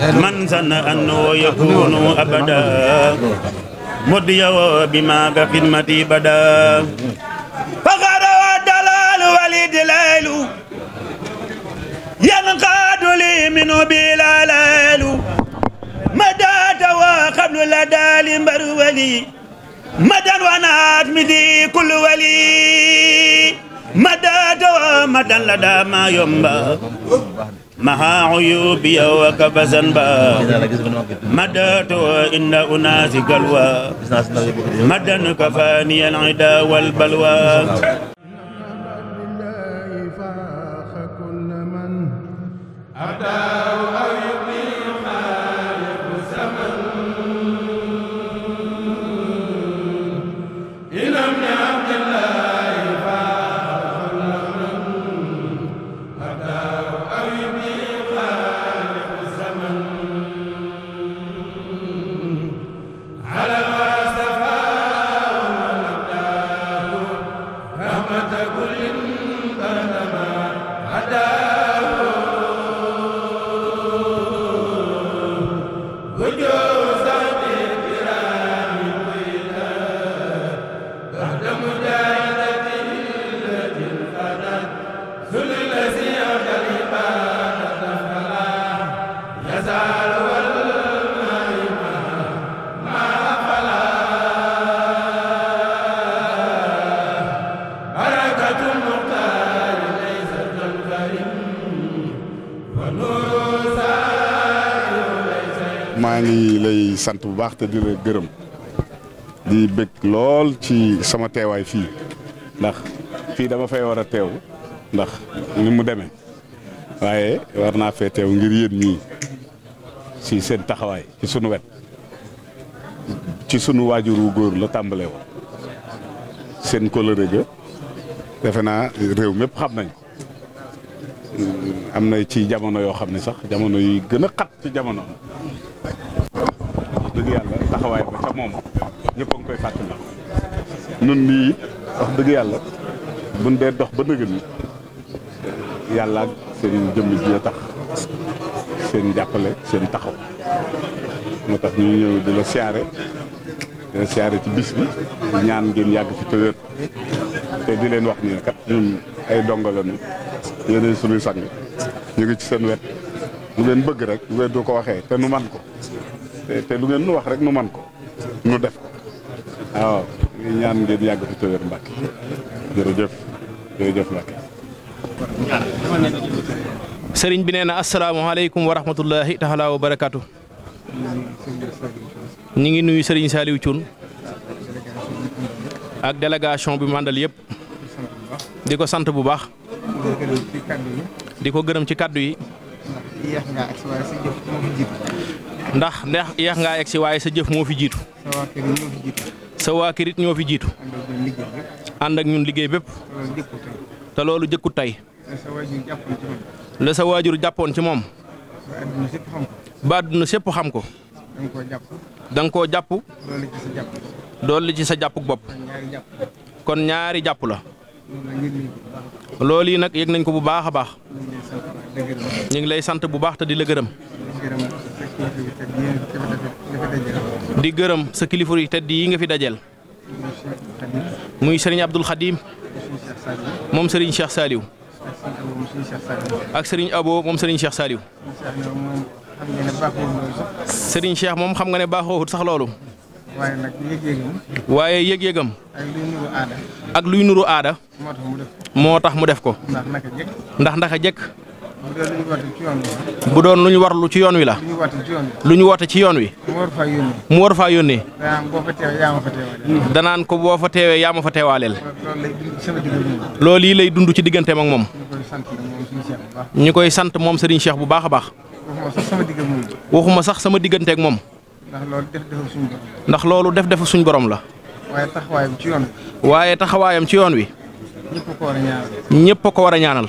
من ظن أنه يكون أبدا مضي بما كخدمتي بدا فقد والدلال والدلال ينقاد لي منه بلا ليل مدى وقبل لدى لمبر ولي مدى ونات مدي كل ولي مدى ومدى لدى ما ينبغي مها عيوبي وكب زنبا مدات وإن أناس قلوى مدا كفاني العدا والبلوى أتى maa lay sant bu baax te di gërëm di bëgg lool ci sama teewaay fii ndax fii dama fay war a teew ndax ni mu demee waaye war naa fee teew ngir yéen ñii si seen taxawaay ci sunu wet ci sunu waajur wu góor la tàmbalee woon seen kóllëre defe naa réew mépp xam nañ ko am na ci jamono yoo xam ne sax jamono yi gën a xat ci jamono wax dëgg yàlla taxawaay ba ca moom ñëpp a koy fàttali nun nii wax dëgg yàlla buñ dee dox ba nëgën yàlla ak seen jëmm ji a tax seen jàppale seen taxaw moo tax ñu ñëw di la siyaare di siyaare ci bis ñaan ngeen yàgg fi tëwër te di leen wax nii kat ay dongo lañu yéenay suñuy sang ñu ngi ci seen wet lu leen bëgg rek lu leen du ko waxee te nu man ko te te lu ngeen nu wax rek nu man ko nu def sëriñ bi nee na asalaamaaleykum wa rahmatullahi taala barakaatu ñu ngi nuyu sëriñ Saliou Thioune ak délégation bi mandal yëpp di ko sant bu baax di ko gërëm ci kàddu yi ndax ndax yeex ngaa egg si waaye sa jëf moo fi jiitu. sa waa it ñoo fi jiitu. ànd ak ñun liggéey bépp. te loolu jëkku tey. la sa waajur jàppoon ci moom. ba àdduna sépp xam ko. danga koo jàpp. doolu ci sa jàppuk bopp. kon ñaari jàpp la. loolu yi nag yëg nañ ko bu baax a baax. ñu ngi lay sant bu baax te di la gërëm. di gërëm sa kilifa yu tedd yi nga fi dajeel. muy sëriñ Abdul Xadim moom sëriñ Cheikh Saliou. ak sëriñ Abo moom sëriñ Cheikh Saliou. sëriñ Cheikh moom xam nga ne baaxoowut sax loolu. waaye yëg-yëgam. ak luy nuru aada. moo tax mu def ko. ndax ndax naka jekk. bu doon lu ñu warlu ci yoon wi la. lu ñu woote ci yoon wi. mu war faa yónnee. danaan ko boo fa teewee yaa ma fa teewaaleel. loolu yi lay dund ci digganteem ak moom. ñu koy sant moom Serigne Cheikh bu baax a baax. waxuma sax sama digganteeg moom. ndax loolu def defa suñ boroom la. waaye taxawaayam ci yoon wi. waaye taxawaayam ci yoon wi. ñëpp ko war a ñaanal.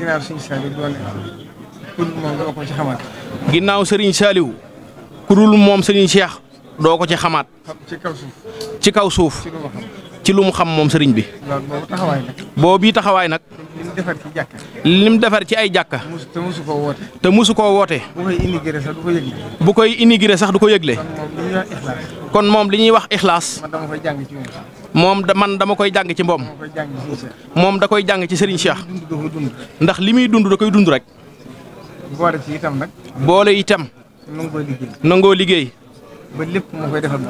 ginnaaw Serigne Saliou doole moom doo ko ci ginnaaw Serigne Saliou kurul moom Serigne Cheikh doo ko ci xamaat. ci kaw suuf. ci kaw xam moom sëriñ bi. boobu taxawaay nag. defar ci jàkka. lim defar ci ay jàkka. te musu koo woote. te musu koo woote. bu koy inigéré sax du bu koy inigéré sax du ko yëgle. kon moom li ñuy wax ixlaas. kon moom li ñuy wax ixlaas. man dama koy jàng ci moom. moom man dama koy moom da koy jàng ci Serigne Cheikh. ndax li muy dund da koy dund rek. boole ci itam nag. boole itam. nangoo liggéey. nangoo liggéey. ba lépp koy defal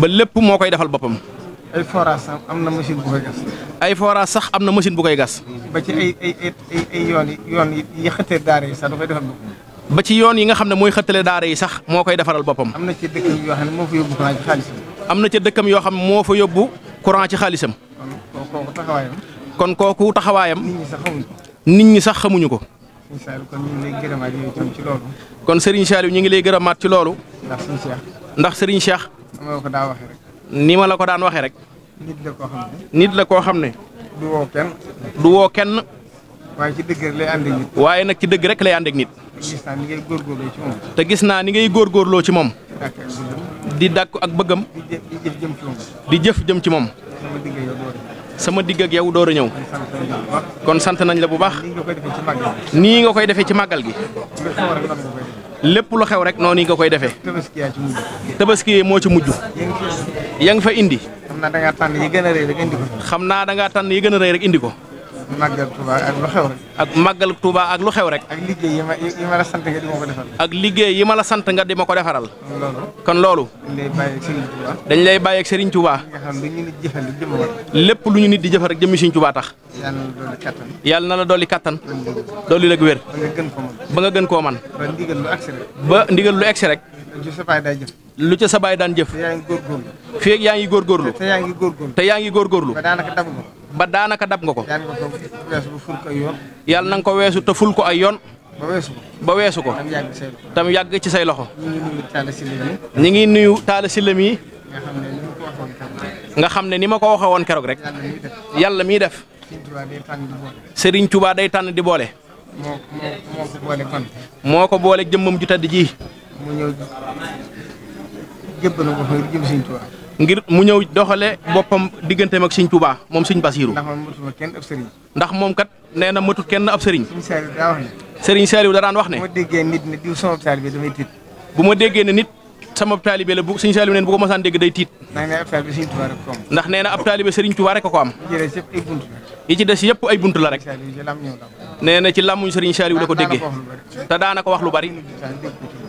ba lépp moo koy defal boppam. ay forage sax am na machine bu koy gas. ay forage sax am na machine bu koy gas. ba ci ay yoon yi yoon yi xëttee daara yi sax da koy defal boppam. ba ci yoon yi nga xam ne mooy xëttale daara yi sax moo koy defaral boppam. am na ci dëkkam yoo xam ne moo fa yóbbu courant ci xaalisam. am na ci dëkkam xam ne moo fa yóbbu courant xaalisam. kon kooku taxawaayam. kon kooku taxawaayam. nit ñi sax xamuñu ko. nit ñi sax xamuñu ko. kon Serigne Saliou ñu ngi lay gërëmaat ci loolu. ndax Serigne Cheikh. ndax Serigne Cheikh. ni ma la ko daan waxee rek. nit la koo xam ne. nit la koo xam ne. du woo kenn. du woo kenn. waaye ci dëgg rek lay waaye nag ci dëgg rek lay ànd nit. ni ngay te gis naa ni ngay góorloo ci moom. di dàkk ak bëggam. di jëf jëm ci moom. di jëf jëm ci moom. sama digg ak yow door a ñëw. kon sant nañ la bu baax. nii nga koy defee ci màggal gi. lépp lu xew rek noonu yi nga koy defee. tabaski moo ci mujj. yaa ngi fa indi. xam naa da ngaa tànn yi gën a rëy rek xam naa da ngaa yi gën a rëy rek indi ko. màggal Touba ak lu xew rek. ak màggal Touba ak lu xew rek. ak liggéey yi ma la sant nga di ma ko defal. ak liggéey yi ma sant nga di ma ko defaral. kon loolu. dañ lay bàyyi ak Serigne dañ lay bàyyi ak Serigne nga xam lu ñu nit di jëfal rek lépp lu ñu nit di jëfal rek jëmmi Serigne Touba tax. yàlla na la dolli kattan. yàlla na la dolli kattan. dolli la wér. ba nga gën koo man ba nga gën ba ndigal lu egsi rek. ba ndigal lu egsi rek. ca sa baay daan jëf. te yaa ngi góorgóorlu. fii yaa ngi góorgóorlu. te yaa ngi góorgóorlu. te yaa ngi góorgóorlu. ba daanaka dabu ba daanaka dab nga ko. yàlla na ko weesu ful ko ay yoon. yàlla ful ko ay yoon. ba weesu ko. ba weesu tam yàgg ci say loxo. ñu ngi nuyu taala sillam yi. nga xam ne ni ma ko waxee woon keroog rek. yàlla miy def. sëriñ Touba day tànn di boole. moo ko boole moo ko boole jëmmam ju tedd ji. mu ñëw ko ngir mu ñëw doxale boppam digganteem ak sëñ Touba moom sëñ Basiiru ndax moom kat nee na matut kenn ab sëriñ sëriñ Saliou da daan wax ne bu ma déggee ne diw sama taalibe damay tiit bu ma déggee ne nit sama taalibe la bu sëñ Saliou neen bu ko mosaan dégg day tiit ndax nee na ab taalibe sëriñ Touba rek ko am yi ci des yëpp ay bunt la rek nee na ci làmmuñ sëriñ Saliou la ko déggee te daana ko wax lu bari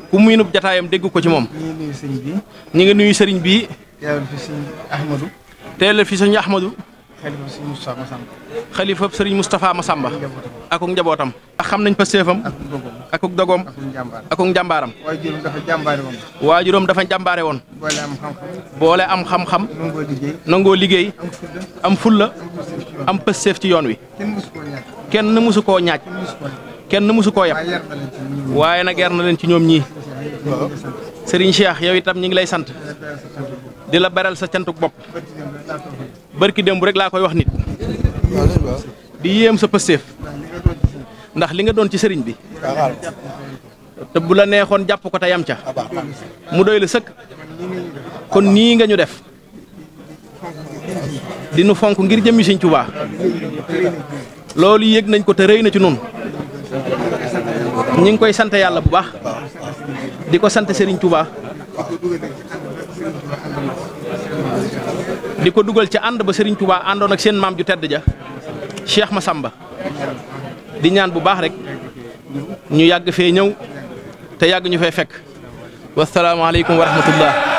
ku muy nub jataayam dégg ko ci moom ñi ngi nuyu sëriñ bi teewal fi sëñ Ahmadou. teewal fi sëñ xalifa sëñ Moustapha Massamba. xalifa sëriñ Moustapha Massamba. ak njabootam. ak xam nañ fa seefam. ak dogoom ak dogoom. ak njàmbaaram. waajuram dafa jàmbaare woon. waajuram dafa jàmbaare woon. boole am xam-xam. boole am xam-xam. nangoo liggéey. nangoo liggéey. am fulla am pësteef ci yoon wi. kenn mësu koo ñaaj. kenn mësu koo yab. waaye nag na leen ci ñoom ñii. sëriñ Cheikh yow itam ñu ngi lay sant. di la beral sa cantuk bopp barki démb rek laa koy wax nit di yéem sa pëstéef ndax li nga doon ci sëriñ bi te bu la neexoon jàpp ko te yam ca mu doy la sëkk kon nii nga ñu def di nu fonk ngir jëmmi Sëriñ Tuubaa loolu yéeg nañ ko te rëy na ci nun ñi ngi koy sant yàlla bu baax di ko sant Sëriñ Tuubaa di ko dugal ca ànd ba Serigne Touba àndoon ak seen maam ju tedd ja Cheikh Massamba di ñaan bu baax rek ñu yàgg fee ñëw te yàgg ñu fay fekk wasalaamaaleykum wa rahmatullah